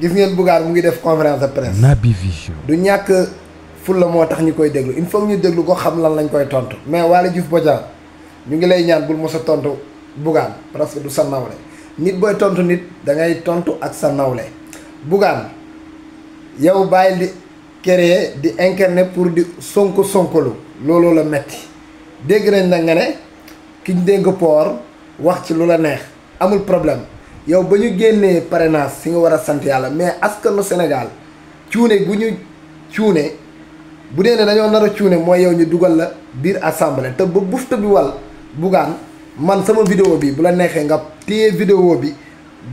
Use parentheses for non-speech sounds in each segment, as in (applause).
gis ngeen Bougane mu ngi def conférence de presse. Naby Vision. du ñàkk fulla moo tax ñu koy déglu il faut ñu déglu ko xam lan lañ koy tontu. mais Waly Diouf Bodiang ñu ngi lay ñaan bul mos a tontu Bougane parce que du sa nawle nit booy tontu nit da ngay tontu ak sa nawle Bougane yow bàyyi di créer di incarner pour di sonko sonkolu looloo la metti dégg nañ na nga ne kiñ dégg poor wax ci lu la neex amul problème. yow ba ñu génnee parrainage si nga war a sant yàlla mais askanu Sénégal cuune gu ñu cuune bu dee ne dañoo nar a cuune mooy yow ñu dugal la biir assemblée te ba bufta bi wal bugaan man sama video bi bu la neexee nga téye vidéo bi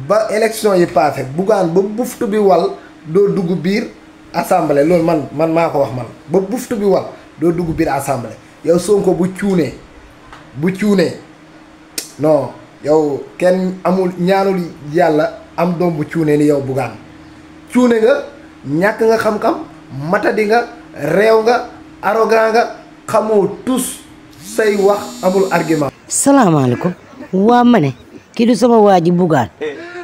ba élection yi passé bugaan ba buftu bi wal doo dugg biir assemblée loolu man man maa ko wax man ba buftu bi wal doo dugg biir assemblée yow Sonko bu cuunee bu cuunee non yow kenn amul ñaanul yàlla am doom bu cuune ni yow Bougane cuune nga ñàkk nga xam-xam matadi nga réew nga arrogant nga xamoo tous say wax amul argument. salaamaaleykum waa ma ne kii du sama waa ji Bougane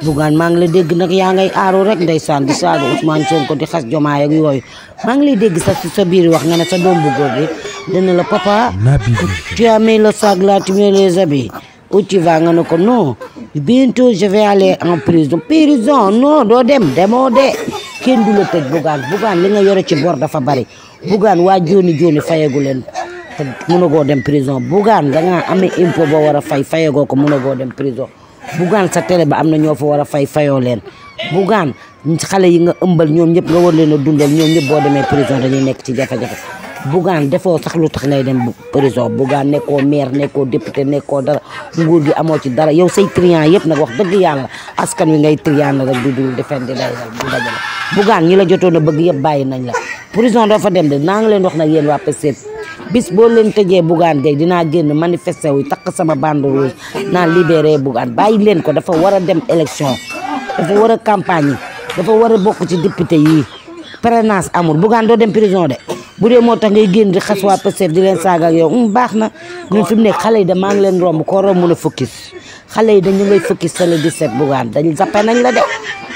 Bougane maa ngi la dégg nag yaa ngay aaru rek ndeysaan di saaga Ousmane Sonko di xas jomaa ak yooyu maa ngi lay dégg sa sa biir wax nga ne sa doom bu góor bi dina la papa. tu as mis le sac là, où tu vas nga ne ko non bientôt je vais aller en prison prison noo doo dem demoo de kenn du la tëj bugaan bugaan li nga yore ci bor dafa bari bugaan waa jooni jooni fayagu leen te mënagoo dem prison bugaan da ngaa amee impôt boo war a fay fayagoo ko mënagoo dem prison bugaan sa télé ba am na ñoo fa war a fay fayoo leen bugaan xale yi nga ëmbal ñoom ñëpp nga war leen a dundal ñoom ñëpp boo demee prison dañuy nekk ci jafe-jafe. bugan defo sax lu tax ngay dem prison bugan ne ko maire ne ko député ne ko dara nguur gi amo ci dara yow say client yep nak wax deug yalla askan wi ngay triant nak du du defendi fen di day di dajale Bougane ñi la jotoon a bëgg yëpp bàyyi nañ la prison do fa dem de nang leen wax nak yeen wa Pastef bis bo leen teje bugan de dina genn manifesté wu tak sama bande rouge na libéré bugan bayyi leen ko dafa wara dem élection dafa wara campagne dafa wara a ci député yi prénance amul bugan do dem prison de bu dee moo tax ngay génn di xas waa Pastef di leen saaga ak yow mm, baax na ñun fi mu nekk xale yi da maa leen romb koo romb la focus xale yi dañu ngay focus sa le 17 Bougane dañ zappe nañ la de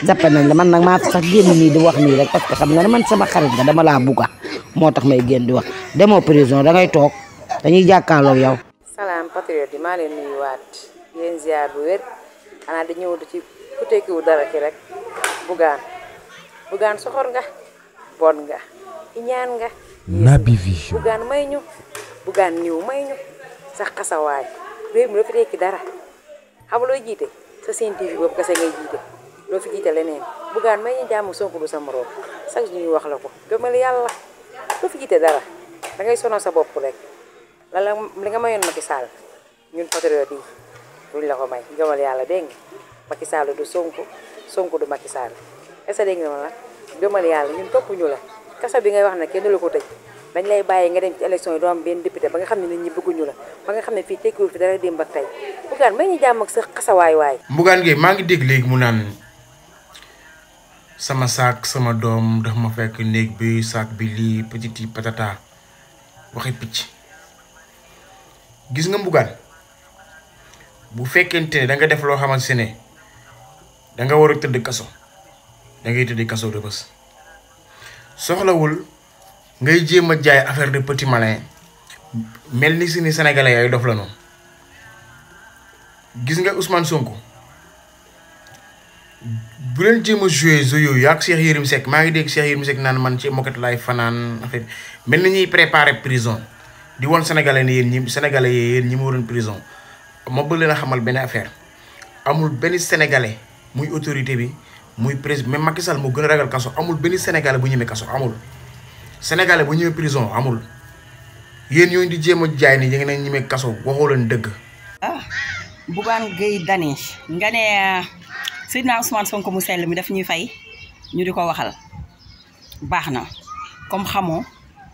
zappe la man nag maa sax génn nii di wax mii rek parce que xam nga ne man sama xarit nga dama laa bugga moo tax may génn di wax demoo prison da ngay toog dañuy jàkkaarloog yow. salaam patriote yi maa leen nuyuwaat yéen ziar bu wér xanaa ci ku tekkiwu ki rek Bougane Bougane soxor nga bon nga iñaan nga. Naby Vision bugaan may ñu bugaan niw may ñu sax xasawaay réew mi doo fi tekki dara xam looy jiite sa seen TV boobu kese ngay jiite doo fi jiite leneen bugaan may ñu jàmm Sonko du sa moroom sax wax la ko gëmal yàlla doo fi jiite dara da sonal sa bopp rek la la li nga mayoon Macky Sall ñun patriote yi duñ la ko may gëmal yàlla dégg nga Macky Sall du Sonko Sonko du Macky Sall est-ce que ma la gëmal yàlla ñun topp ñu la kaso bi ngay wax nak kenn lu ko tëj dañ lay baye nga dem ci election yi doo am ben député ba nga xamni nit ñi ñu la ba nga xamni fi fii fi dara may ñu jam ak sa way ge ma ngi deg leg mu nan sama sak, sama dom daf ma fekk neeg bi saak bi li petit patata waxe picc gis nga mbugal bu fekkente da nga def lo xamantene da nga waru teud kasso da ngay teud kasso de bass soxlawul ngay jéem a jaay affaire de petit malin mel ni si ni sénégalais yooyu dof la noonu gis nga Ousmane Sonko bu leen jéem a joué zo yooyu ak Cheikh Yérim Seck maa ngi dégg Cheikh Yérim Seck naan man ci moket laay fanaan affaire mel na ñuy préparé prison di woon sénégalais ne yéen ñi sénégalais yi yéen ñi ma waroon prison ma bëgg leen a xamal benn affaire amul benn sénégalais muy autorité bi. muy président mais Macky Sall moo gën a ragal kaso amul benn sénégalais bu ñemee kaso amul sénégalais bu ñemee prison amul yéen yooyu di jéem a jaay ni ñu ngi leen kaso waxoo leen dëgg. ah Bougane Gueye Dany nga euh, mu sell mi daf ñuy fay ñu di ko waxal baax na comme xamoo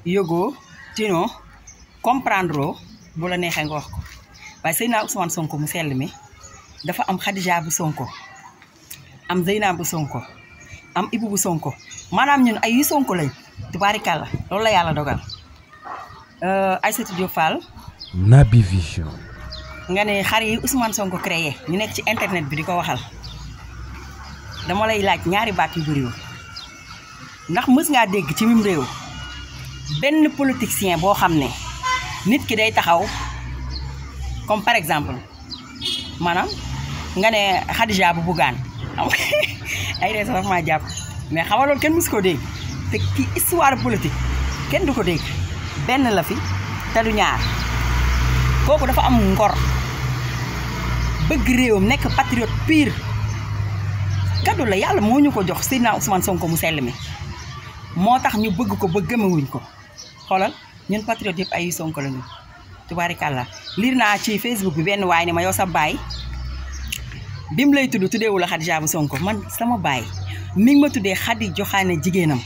yëgoo tinoo comprendre bu la neexee nga wax ko waaye Seydina Ousmane Sonko mu sell mi dafa am Khadija bu Sonko. am Zeynabu Sonko am Ibou bu Sonko maanaam ñun ay yu Sonko lañ tubaarikàlla loolu la yàlla dogal euh, Aïssatou Diop Fall. Naby Vision. nga ne xar yi Ousmane Sonko créé ñu nekk ci internet bi di ko waxal dama lay laaj ñaari baat yu bëriwul ndax mës ngaa dégg ci mim réew benn politicien boo xam ne nit ki day taxaw comme par exemple maanaam nga ne Khadija bu Bougane. ay ree sama ma japp mais xawal loolu kenn mosu ko dégg te ki histoire politique kenn duko ko dégg benn la fi te du ñaar koku dafa am ngor bëgg réewam nek patriote pire kaddu la yalla moo ñu ko jox Seydina Ousmane Sonko mu sell motax ñu bëgg ko ba wuñ ko xolal ñun patriote yëpp ay Sonko la ñu tubaarikàlla liir naa ci Facebook bi benn way ne ma yow sa baay bi mu lay tudd tuddeewul la Khady Jaabu Sonko man sama baay mi ma tuddee Khady joxaane jigéenam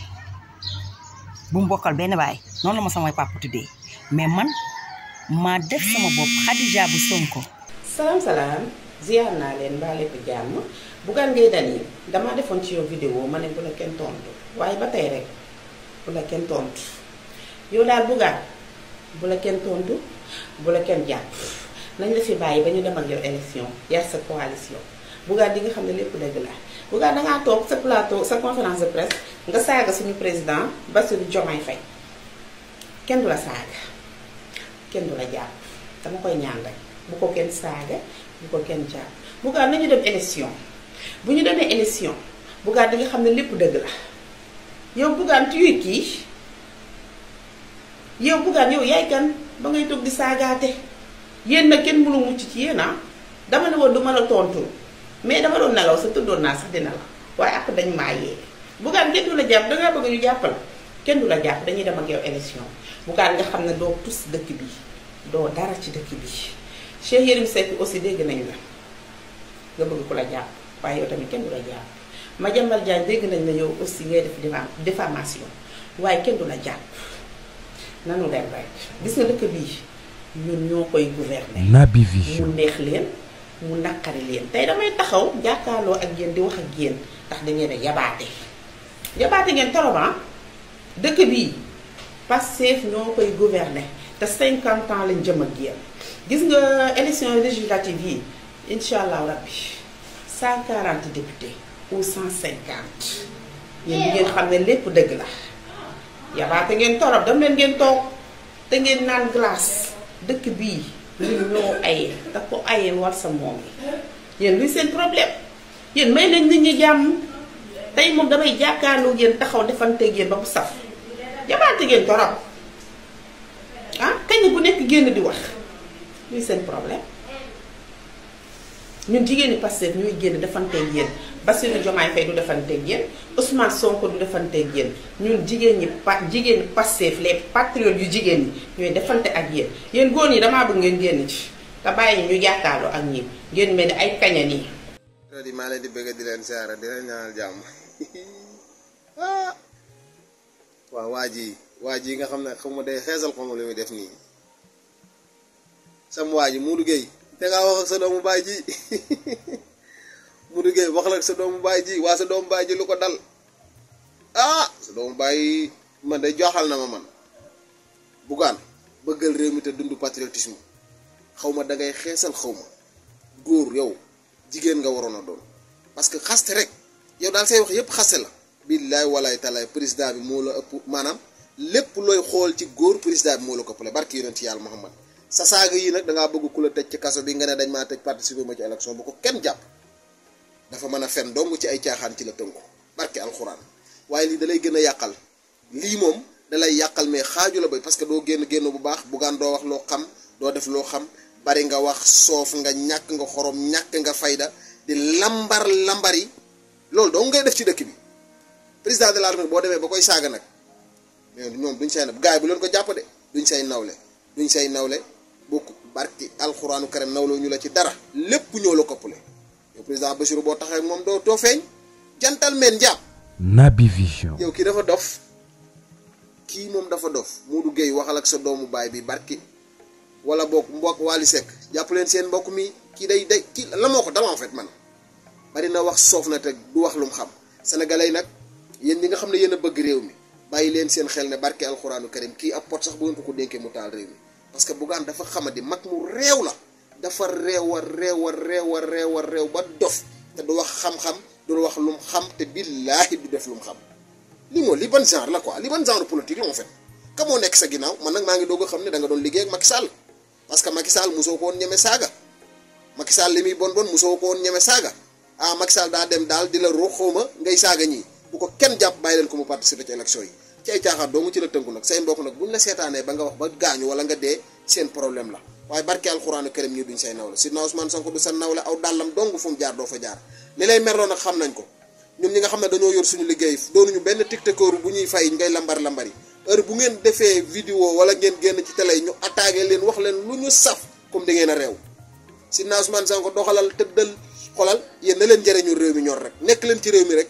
bu mu bokkal benn baay noonu la ma samay papa tuddee mais man maa def sama bopp Khady Jaabu Sonko. salaam salaam ziar naa leen mbaa lépp jàmm Bougane Gueye Dany damaa defoon ci yow vidéo ma ne bu la kenn tontu waaye ba tey rek bu la kenn tontu yow daal Bougane bu la kenn tontu bu la kenn jàpp nañ la fi bàyyi ba ñu dem ak yow élection yar sa coalition. Bougane kan. di nga xam ne lépp dëgg la Bougane da ngaa toog sa plateau sa conférence de presse nga saaga suñu président Bassirou Diomaye Faye kenn du la saaga kenn du la jàpp dama koy ñaan rek bu ko kenn saaga bu ko kenn jàpp Bougane nañu dem élection bu ñu demee élection Bougane di nga xam ne lépp la yow Bougane tuuti kii yow Bougane yow yaay kan ba ngay toog di saagaate yéen nag kenn mënu mucc ci yéen ah dama ne woon du la tontu mais dama doon nalaw sa tuddoon na sax dina la way ak dañ mayé bu bugaan kenn du la da nga bëgg ñu jappal kenn du la dañuy dem ak yow élection bugaan nga xam do tous dëkk bi do dara ci dëkk bi Cheikh Yérim Seck aussi dégg nañ la nga bëgg kula japp way yow tamit kenn du la ma Madiambal Diagne dégg nañ la yow aussi ngay def diffamation way kenn du la nanu dem rek gis nga dëkk bi ñun ñokoy gouverner. Naby Vision mu neex leen mu nakari len tay damay taxaw jàkkaarloo ak yeen di wax ak yéen ndax dañ leen a yabaate yabaate ngeen toroban dëkk bii Pastef ñoo koy gouverner ta 50 ans lañu jëm ak yeen gis nga élection législative yi inshallah rabbi 140 députés ou 150 yéen ngeen xamné lepp deug la yabaate ngeen torop dam len ngeen tok te ngeen nan glace deuk bi ñun ñoo aye da ko aye war sa moom yenn yéen luy seen problème yéen may nañ nit ñi jàmm tey moom damay jàkkaarloo yéen taxaw defanteeg yéen ba bu saf jabaate ngeen torop ah kañ bu nekk génn di wax luy seen problème ñun jigéen ñi Pastef ñooy génn defanteeg yéen Bassirou Diomaye Faye du defanteeg yéen Ousmane Sonko du defanteeg yéen ñun jigéen ñi pa jigéen ñi Pastef les yu jigéen ñi ñooy defante ak yéen yéen góor yi damaa bëgg ngeen génn ci te bàyyi ñu jàkkaarloo ak ñi ngeen mel ni ay kaña nii. di bëgg di leen siyaare di leen ñaanal (laughs) ah! waaw waa ji waa ji nga xam ne xam nga day xeesal xaw lu muy def nii sam waa ji Modou Gueye da ngaa wax ak sa doomu baay ji. (laughs) mu duggee wax la sa doomu baay ji waa sa doomu baay ji lu ko dal ah sa doomu baay man day joxal na ma man bugaan bëggal réew mi te dund patriotisme xaw ma da ngay xeesal xaw ma góor yow jigéen nga waroon a doon parce que xaste rek yow daal say wax yépp xaste la billaay walaay talaay président bi moo la ëpp maanaam lépp looy xool ci góor président bi moo la ko pale barki yonent yàlla Muhammad sa saaga yi nag da ngaa bëgg ku la ci kaso bi nga ne dañ maa tëj participer ma ci élection bu ko kenn jàpp dafa mën a fen dong ci ay caaxaan ci la tënku barke alxuraan waaye lii dalay gën a yàqal lii moom dalay yàqal mais xaaju la bay parce que doo génn génn bu baax bugaan doo wax loo xam doo def loo xam bari nga wax soof nga ñàkk nga xorom ñàkk nga fayda di lambar lambar yi loolu dong ngay def ci dëkk bi président de la République boo demee ba koy saaga nag mais ñoom duñ say nab gars yi bu leen ko jàpp de duñ say nawle duñ say nawle bokk barki alxuraanu karim nawloo ñu la ci dara lépp ñoo la koppale yow président Bassirou bo taxé mom do doo feñ jantal men jàpp. Vision. yow ki dafa dof ki mom dafa dof Modou gey waxal ak sa doomu baay bi barki wala bok mbok wali sek japp len sen mbok mi ki day day kii la moo en fait man bari na wax sof na te du wax lum xam sénégalais nak yeen ñi nga xam ne yéen bëgg réew mi bayi len sen xel ne barki alcorane karim ki ap pot sax bu ngeen ko ko denké mu taal réew mi parce que Bougane dafa xamadi mak mu réew la. dafa réew a réew a réew a réew a réew ba dof te du wax xam-xam dul wax lum xam te billaahi du def lum xam li moo li ban genre la quoi li ban genre politique la moo fet ka moo nekk sa ginnaaw man nag maa ngi doog a xam ne danga doon liggéey ak Macky Sall parce que Macky Sall mosoo ko woon ñeme saaga Macky Sall li muy bon bon soo ko woon ñeme saaga ah Macky Sall daa dem daal di la xaw ma ngay saaga ñii bu ko kenn jàpp bàyyi leen ko mu participer ci élection yi ci ay caaxaar doo mu ci la tënku nag say mbokk nag buñ la seetaanee ba nga wax ba gaañu wala nga dee seen problème la waaye barke alxuraanu karim ñi duñ say nawle sidna Ousmane Sonko du sa nawle aw dàllam dong fu jaar doo fa jaar li lay merloo nag xam nañ ko ñun ñi nga xam ne dañoo yor suñu liggéey ñu benn tiktokeur bu ñuy fay ngay lambar lambari heure bu ngeen defee vidéo wala ngeen génn ci télé ñu attaqué leen wax leen lu ñu saf comme da ngeen a réew sidna Ousmane Sonko doxalal tëddal xolal yéen na leen réew mi ñor rek nekk leen ci réew mi rek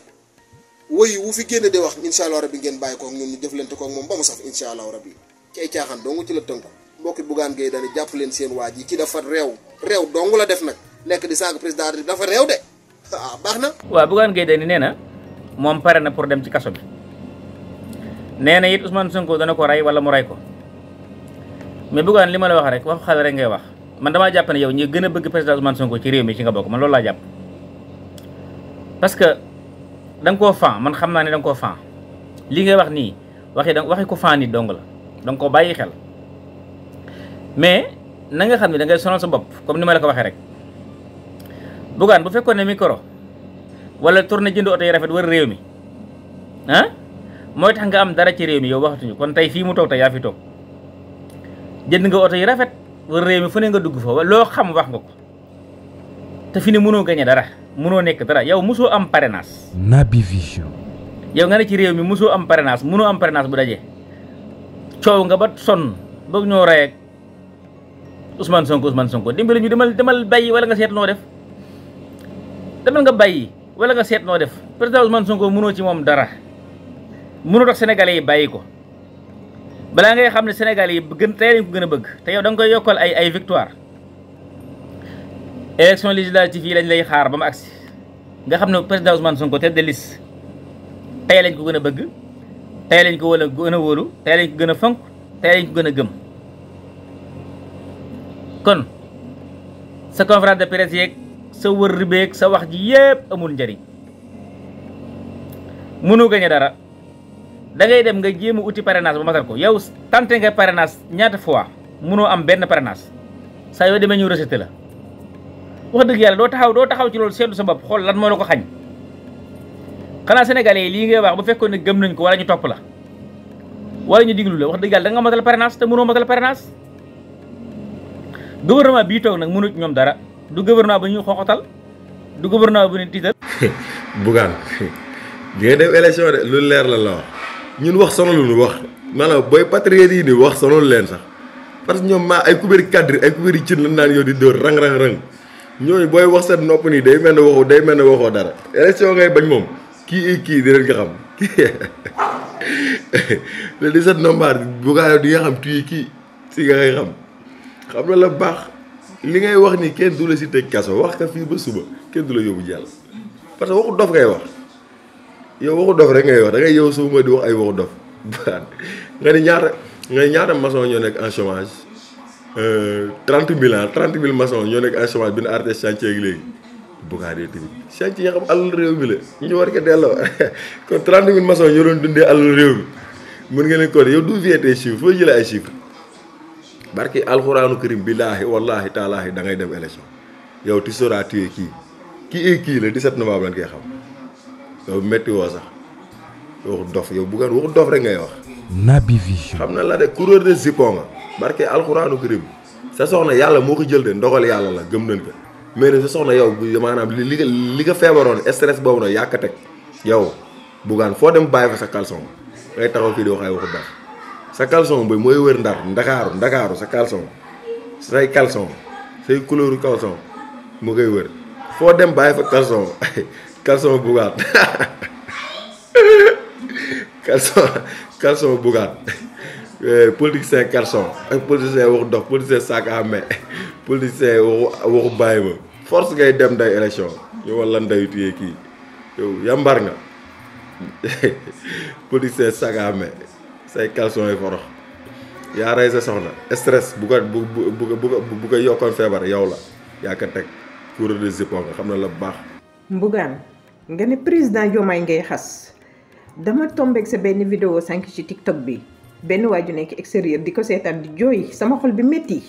woy wu fi génn di wax incha allah rabi ngeen bàyyi koog ñun ñu jëflante koog moom ba mu saf incha allah rabi ci ay caaxaan dong ci la tënku mbokki Bougane Gueye Dany jàpp leen seen waa ji ci dafa réew réew la def nag nekk di sànq président bi dafa réew de (laughs) ah baax na. waaw Bougane Gueye Dany nee na moom pare na pour dem ci kaso bi nee na it Ousmane Sonko dana ko rey wala mu rey ko mais Bougane li ma la wax rek wax xale rek ngay wax man damaa jàpp ne yow ñi gën a bëgg président Ousmane Sonko ci réew mi ci nga bokk man loolu laa da nga koo fan man xam naa ne danga koo fan li ngay wax nii waxi da waxi ko fan ni dong la da koo bàyyi xel mais na nga xam ne da ngay sonal sa bopp comme ni ma la ko waxee rek bugaan bu fekkoon ne micro wala tourné jënd oto yi rafet war réew mi ah mooy tax nga am dara ci réew mi yow waxatuñu kon tey fii mu toog tey yaa fi toog jënd nga oto yi rafet war réew mi fu ne nga dugg fa loo xam wax nga ko te fini ne mënoo muno dara mënoo nek dara yow mosoo am parrainage. nabi Vision. yow nga ne ci réew mi mosoo am parrainage mënoo am parrainage bu dajé ciow nga ba son usman ñoo ray ak Ousmane Sonko Ousmane Sonko dimbali ñu demal demal bayyi wala nga sét no def demal nga bayyi wala nga sét no def président Ousmane Sonko mënoo ci mom dara mënoo tax sénégalais yi bàyyi ko ngay xamné sénégalais yi gën tay lañ ko bëgg tay yow dang koy yokkal ay ay victoire élection législative yi lañ lay xaar ba mu agsi nga xam ne président Ousmane Sonko tête de liste tey lañ ko gën a bëgg tey lañ ko wala gën a wóolu tey lañ ko gën a fonk tey lañ ko gën a gëm kon sa conférence de presse yeeg sa wër ribeeg sa wax ji yépp amul njëriñ mënu gañe dara da ngay dem nga jéem a uti parrainage ba matal ko yow tante nga parrainage ñaata fois mënoo am benn parrainage sa yoo demee ñu rejeté la wax deug yalla do taxaw do taxaw ci lolou seddu sa bop xol lan mo lako xagn xana xanaa sénégalais yi ngay wax bu fekkone ne gëm nañ ko wala ñu top la wala ñu diglu la wax deug yalla da nga matal parrainage te mëno matal parrainage gouvernement bi tok nak mënu ñom dara du gouvernement bu ñu xoxotal du gouvernement bu ñu tiital (laughs) bugaan (laughs) di nga def élection de lu leer la la wax ñun wax sonu lu wax mala boy patriote yi ni wax sonu leen sax parce ñom ma ay kubéeri cadre ay kubéeri ci lan nan yo di do rang rang rang ñooñu booy wax seen nopp nii day mel ne waxu day mel ne waxoo dara élection ngay bañ moom kii kii dinañ ko xam (laughs) le set novembre bu gaa di nga xam tuuti kii si nga koy xam xam na la baax li ngay wax ni kenn du la si tëj kaso wax ka fii ba suba kenn du la yóbbu jàll parce que waxu dof ngay wax yow waxu dof rek ngay wax da ngay yow suba di wax ay waxu dof (laughs) nga ni ñaata nga ni ñaata maçon ñoo nekk en chômage. Euh, trente mille ah trente mille maçon ñoo nekk ay chômage bi ñu arrêté chantier gi léegi Bougane tamit chantier yi xam alal réew mi la ñu war ko delloo (laughs) kon trente mille maçon ñoo doon dundee alal réew mi mën nga leen ko yow du vieté chiffre foo jëlee ay chiffre barki alxuraanu karim billaahi wallaahi taalaahi da ngay dem élection yow ti seras tué kii ki et kii la 17 novembre lañ koy xam yow métti woo sax waxu dof yow Bougane waxu dof rek ngay na la de coureur barke alxuraanu kërim sa soxna yàlla moo ko jël de ndogal yàlla la gëm nañ ko mais nag sa soxna yow maanaam li li li nga feebaroon stress boobu nag yàq teg yow bugaan foo dem bàyyi fa sa caleçon ngay taxaw fii di mooy wër ndar ndakaaru ndakaaru sa caleçon say caleçon say dem bàyyi fa caleçon (laughs) (laughs) (laughs) Eh, politicien carson ak eh, politicien waxu dox politicien sac à main politicien waxu force ngay dem day élection yo lan day tuyee kii yo yambar nga (laughs) politicien sac à say calçon yi forox ya rey sa soxna stress bu ko bu bu bu bu ko yokkoon feebar yow la ya ko teg coureur de zippo nga xam na la baax mbugaan nga ne président Diomaye ngay xas dama tombeeg sa benn vidéo sànq ci tiktok bi benn waa ju nekk extérieur di ko seetaan di jooy sama xol bi métti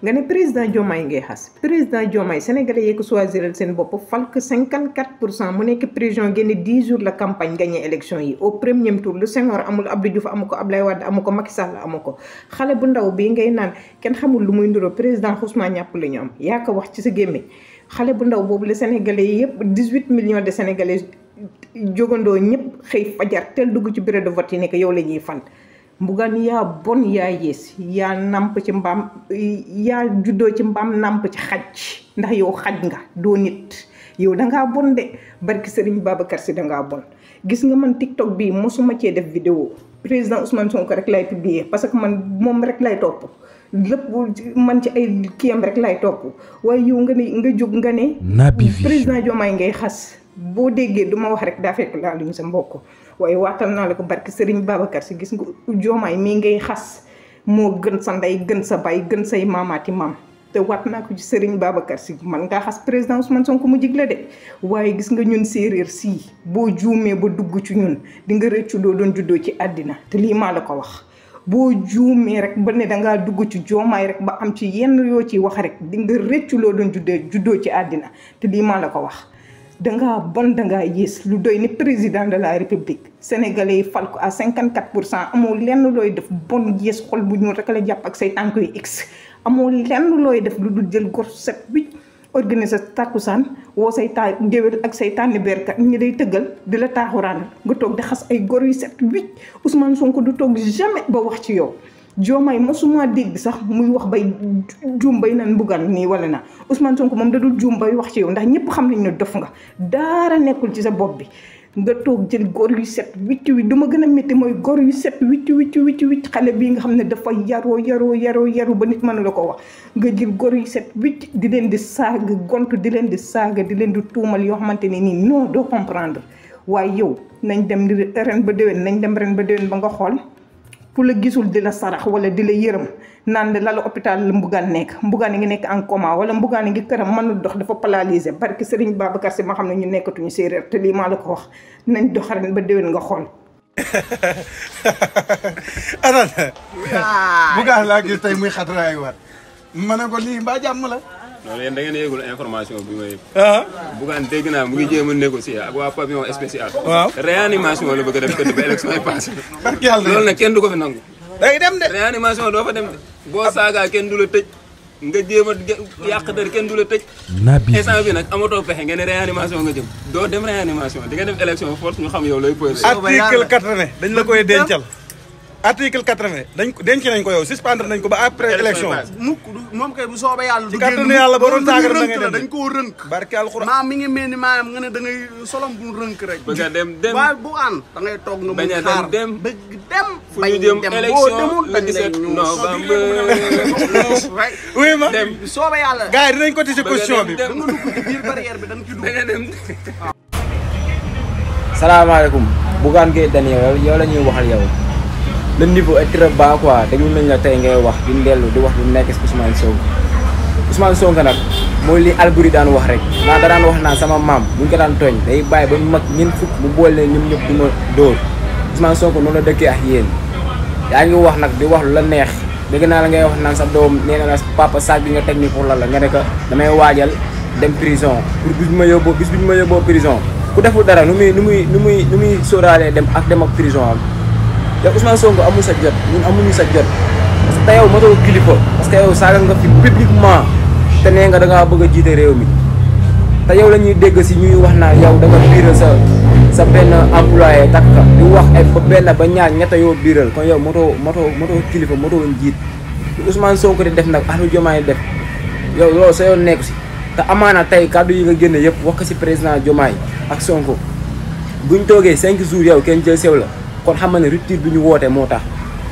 nga ne président Diomaye ngay xas président Diomaye sénégalais yee ko choisiral seen bopp fal ko 54 pour cent mu nekk président génne 10 jours la campagne gagné élection yi au premier tour lu Senghor amul Abdou Diouf amu ko Abdoulaye Wade amu ko Macky Sall amu ko xale bu ndaw bii ngay naan kenn xamul lu muy nduroo président Ousmane ñàpp la ñu am yaa ko wax ci sa gémmiñ xale bu ndaw boobu la sénégalais yi yëpp 18 millions de sénégalais jógandoo ñëpp xëy fajar teel dugg ci bureau de vote nekk yow la ñuy fal mbugaan yaa bon yaa yées yaa nàmp ci mbaam yaa juddoo ci mbaam nàmp ci xaj ndax yow xaj nga doo nit yow dangaa bon de barki sëriñ Babacar si dangaa bon gis nga man TikTok bii mosuma cee def vidéo président Ousmane Sonko rek lay publier parce que man moom rek lay topp lépp man ci ay kiyam rek lay topp waaye yow nga ne nga jóg nga ne. Naby Vision président Diomaye ngay xas boo déggee du ma wax rek daa fekk laa luñ sa mbokk. waaye waatal naa la ko barke Serigne Babacar si gis nga joomaay mii ngay xas moo gën sa ndey gën sa bay gën say maamaati maam te waat naa ko ci Serigne Babacar si man ngaa xas président Ousmane Sonko mu jigle de waaye gis nga ñun séeréer sii boo juumee ba dugg ci ñun di nga rëccu doo doon juddoo ci àddina te lii maa la ko wax. boo juumee rek ba ne dangaa dugg ci joomaay rek ba am ci yenn yoo ciy wax rek di nga rëccu loo doon juddoo juddoo ci àddina te lii maa la ko wax. dangaa bon dangaa yées lu doy ni président de la république sénégalais yi fal ko à cinquante quatre pour cent amoo lenn looy def bon yées xol bu ñu rek la jàpp ak say tànk yu x amoon lenn looy def lu dul jël gor set bi organiser takkusaan woo say taa ngéwél ak say tànni berkat ñi day tëggal di la taaxuraan nga toog di xas ay gor yu set wicc Ousmane sunk du toog jamais ba wax ci yow Diomaye mosuma dégg sax muy wax bay juum bay nan buggan nii wala na Ousmane Sonko moom da dul juum bay wax ci yow ndax ñëpp xam nañ ne dof nga daara nekkul ci sa bopp bi nga toog jël góor yu set wicc wi du ma gën a métti mooy góor yu set wicc wicc wicc wicc xale bii nga xam ne dafa yaroo yaroo yaroo yaru ba nit mën la ko wax nga jël góor yu set wicc di leen di saag gont di leen di saaga di leen di tuumal yoo xamante ne nii non doo comprendre waaye yow nañ dem ren ba déwén nañ dem ren ba déwén ba nga xool ku la gisul di la sarax wala di la yërëm naan la lalu hôpital la mbugaan nekk mbugaan ngi nekk en coma wala mbugaan ngi a mënul dox dafa paralysé barki Serigne Babacar si ma xam ne ñu nekkatuñu séeréer te lii maa la ko wax nañ dox ren ba déwén nga xool. (laughs) anan. waaw Bougane laa gis tey muy xatraay waat ma ne ko lii mbaa jàmm la. loolu yéen da ngeen yëgul information bi ma yëg. Ah. Bougane dégg naa mu ngi jéem a négocier waa pavillon spécial. waaw réanimation la def ba élection yi passé. yàlla loolu kenn du ko fi nangu. day dem de réanimation doo fa dem de. boo saagaa kenn du la tëj. nga jéem a yàq der kenn du la tëj. nabi instant bi nag amatoo pexe nga ne réanimation nga jëm. doo dem réanimation di nga def élection force ñu xam yow looy posé. article quatre-vingt dañ la koy dencal. article quatre-vingt dañ ko denc nañ ko yow suspendre nañ ko ba après élection mukk moom kay bu soobee yàlla du génn yàlla ba doon taagal da ngay dem dañ koo rënk barke alxuraan maam mi ngi mel ni maanaam nga ne da ngay solom bu rënk rek bëgg dem dem waaye bu aan da ngay toog nga mu xaar dem bëgg dem fu ñu jëm élection la 17 novembre (laughs) oui ma dem soobee yàlla gars yi dinañ ko tisi position bi da nga dugg ci biir barrière bi da nga ci dugg dem (laughs) salaamaaleykum Bougane Gueye Dany yow la ñuy waxal yow le niveau est très bas quoi dañu mel ne tey ngay wax di ndellu di wax lu nekk si Ousmane Sonko Ousmane Sonko nag mooy li Alboury daan wax rek naa da daan wax naan sama maam bu ñu ko daan tooñ day bàyyi ba mu mag ñeent fukk mu boole leen ñoom ñëpp du ma dóor Ousmane Sonko noonu la dëkkee ak yéen yaa ngi wax nag di wax lu la neex dégg naan la ngay wax naan sa doom nee na la papa bi nga teg ni pour la la nga ne ko damay waajal dem prison pour bis bi ma yóbboo bis ñu ma yóbboo prison ku deful dara nu muy muy nu muy muy sóoraalee dem ak dem ak prison te Ousmane Sonko amu ya, sa jot ñun amu ñu sa jot parce que yow mato kilifa parce que yow sa nga fi publiquement té né nga da nga bëgg jité réew mi té yow lañuy dégg ci ñuy wax na yow da nga biir sa sa ben employé tak di wax ay ba ben ba ñaar ñata yoo biiral kon yow mato mato mato kilifa mato won njiit Ousmane Sonko di def nak Ahmed Diomaye def yow lo sa yow nekk ci te amana tay kaddu yi nga génne yëpp wax ko si président Diomaye ak Sonko buñ toogee 5 jours yow kenn jël sew la kon xam nga ne rupture bi ñu woote moo tax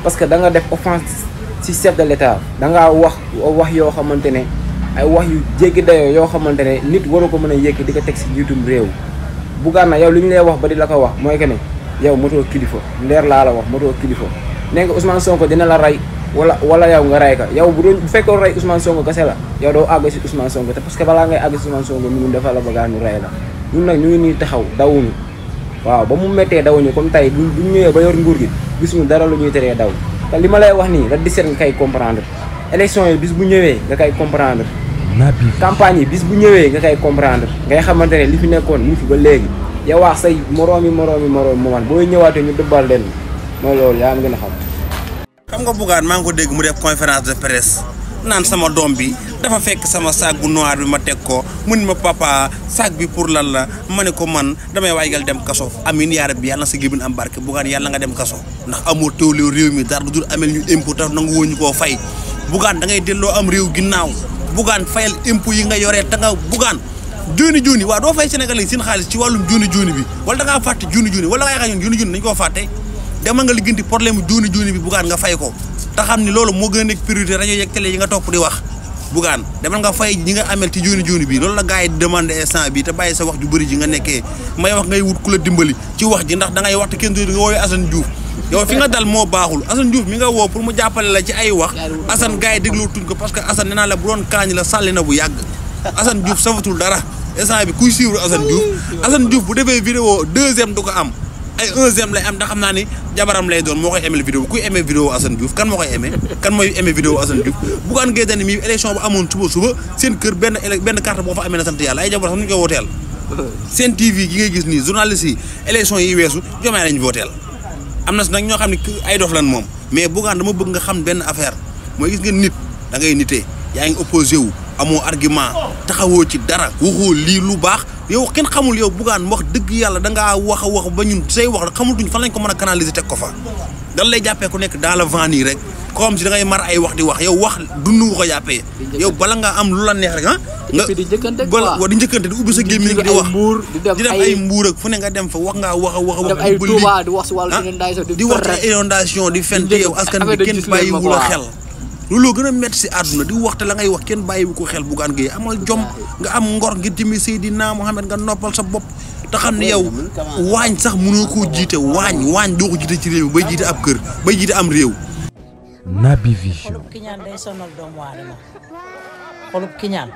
parce que da nga def offense ci chef de l'état da ngaa wax wax yoo xamante ne ay wax yu jékki dayoo yoo xamante ne nit waru ko mën a yëkk di ko teg si njiitum réew buggaan na yow li ñu lay wax ba di la ko wax mooy que ne yow motoo kilifa leer laa la wax motoo kilifa nee nga Ousmane Sonko dina la rey wala wala yow nga rey ka yow bu doon bu fekkoon rey Ousmane Sonko kese la yow doo àgg si Ousmane Sonko te parce que balaa ngay àgg si Ousmane Sonko ñun a ñu nag ñu ngi nii taxaw dawuñu waaw ba mu méttee dawuñu comme tey bu ñu ñëwee ba yor nguur gi gisuñu dara lu ñuy teree daw te li ma lay wax nii la di seet nga kay comprendre élection yi bis bu ñëwee nga koy comprendre campagne bis bu ñëwee nga koy comprendre ngay xamante ne li fi nekkoon mu fi ba léegi yow wax say moroomi moroomi moroom mooman booy ñëwaatee ñu dëbbal leen mooy loolu yaa am gën a xam xam nga Bougane maa ngi ko dégg mu def conférence de presse naan sama doom bi dafa fekk sama sac bu noir bi ma tek ko mun ma papa sac bi pour lan la mané ko man damay waygal dem kaso amin ya rabbi yalla sa gibin am barke gan yalla nga dem kaso ndax amoo teewloo rew mi dar du dul amel ñu impôt tax nangu woo ñu koo fay da ngay delo am ginnaw bu gan fayal impu yi nga yoré ta nga gan juni juni wa do fay Sénégal yi seen ci walum juni juni bi wala da nga fàtte Juni, juni wala nga xañoon Juni Juni dañ koo fàtte demal nga liggéenti problème juni juni bi gan nga fay ko ta xamni lolu mo gëna nek priorité rajo yek télé yi nga top di wax bugaan demal nga fay ñi nga amel ci jooni jooni bi loolu la gars yi demandé bi te bàyyi sa wax ju bëri ji nga nekkee may wax ngay wut ku la dimbali ci wax ji ndax da ngay kenn du nga woowee Assane Diouf yow fi nga dal moo baaxul Assane Diouf mi nga woo pour mu jàppale la ci ay wax Assane gars yi dégloo tuñ parce que assan nee naa la bu doon la sàlli na bu yàgg Assane Diouf safatul dara instant bi kuy suivre Assane Diouf Assane Diouf bu defee vidéo deuxième du ko am ay 1 am da xamna ni jabaram lay doon koy vidéo kuy aimé vidéo Assane Diouf kan vous koy aimé kan moy aimé vidéo Assane Diouf gan mi élection bu suba seen kër Vous ben carte fa ay TV gi ngay gis Vous journaliste yi yi jomay lañ ay dof lan mom mais gan dama nga xam affaire gis nit da ngay opposé wu amoo argument taxawoo ci dara lu yow kenn xamul yow bugan wax deug yalla da nga wax wax ba ñun sey wax duñ fa lañ ko mëna canaliser tek ko fa. dal lay jappé ku nekk dans le vent nii rek comme ci da ngay mar ay wax di wax yow wax nu ko jappé yow bala nga am lu la neex rek ah. nga di njëkkante wa di jëkënte di ubbi sa gémmiñ di wax di def ay mbour ak fu ne nga dem fa wax nga wax wax wax di wax. Ah, di wax ay inondation di fen yow askan bi kenn bayyi wu la xel. loolu gën a métti si àdduna di waxte la ngay wax kenn bàyyiwu ko xel Bougane Gueye amal jom nga am ngor ngir di naa Mohamed nga noppal sa bopp te xam ne yow waañ sax mënoo koo jiite waañ waañ doo ko jiite ci réew mi bay jiite ab kër bay jiite am réew. bii Vision. xolub kiñaan day sonal doomu aadama xolub kiñaan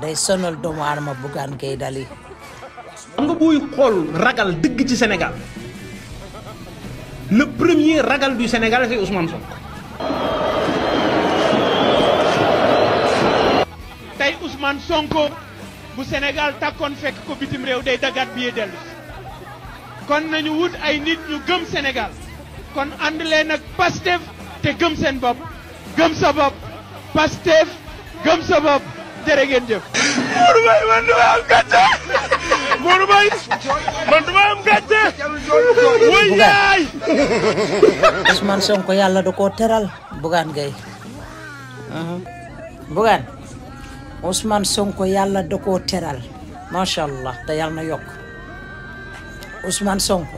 day sonal doomu aadama Bougane Gueye Dany. nga booy xool ragal dëgg ci Sénégal le premier ragal du Sénégal tey Ousmane Sonko bu Sénégal takkoon fekk ko bitim réew day dagat bi delu kon nañu wut ay nit ñu gëm Sénégal kon and leen nak Pastef te gëm sen bop gëm sa bop Pastef gëm sa bop jërë ngeen jëf. Modou bay man do am gatte Modou bay man do am gatte wuy Ousmane Sonko yalla da koo teral Bougane Gueye uh-huh. Bougane. Ousmane Sonko yàlla da koo teral macha allah te yàlla na yokk Ousmane Sonko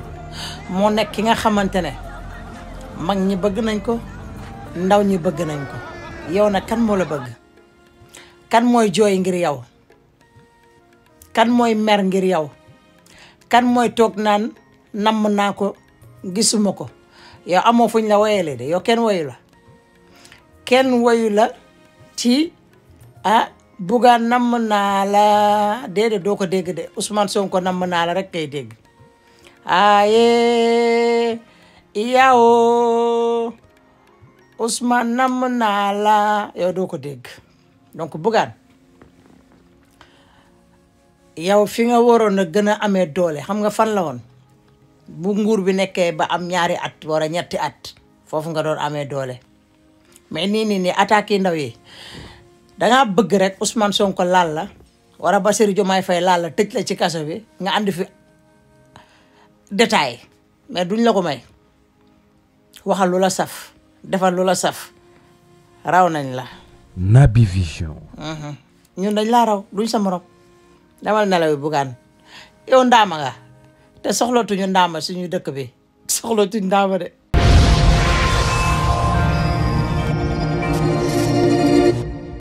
moo nekk ki nga xamante ne mag ñi bëgg nañ ko ndaw ñi bëgg nañ ko yow nag kan moo la bëgg kan mooy jooy ngir yow kan mooy mer ngir yow kan mooy toog naan namm naa ko gisuma ko yow amoo fuñ la woyalee de yow kenn woyu la kenn woyu la ci ah Bouga namm naa la déedéet doo ko dégg de Ousmane Sonko namm naa la rek kay dégg aaye yawo Ousmane namm naa la yow doo ko dégg donc Bougane yow fi nga waroon a gën a amee doole xam nga fan lawoon woon bu nguur bi nekkee ba am ñaari at wala ñetti at foofu nga doon amee doole mais nii nii nii attaques yi ndaw yi dangaa bëgg rek Ousmane Sonko laal la wala Bassirou Diomaye Faye laal la tëj la ci kaso bi nga andi fi détail mais duñ la ko may waxal lu la saf defal lu la saf raw nañ la. Naby Vision. Mhm. ñun dañ laa raw duñ sa morom damal nelaw bugaan yow ndaama nga te soxlootuñu ndaama suñu dëkk bi (laughs) soxlootuñu ndaama de.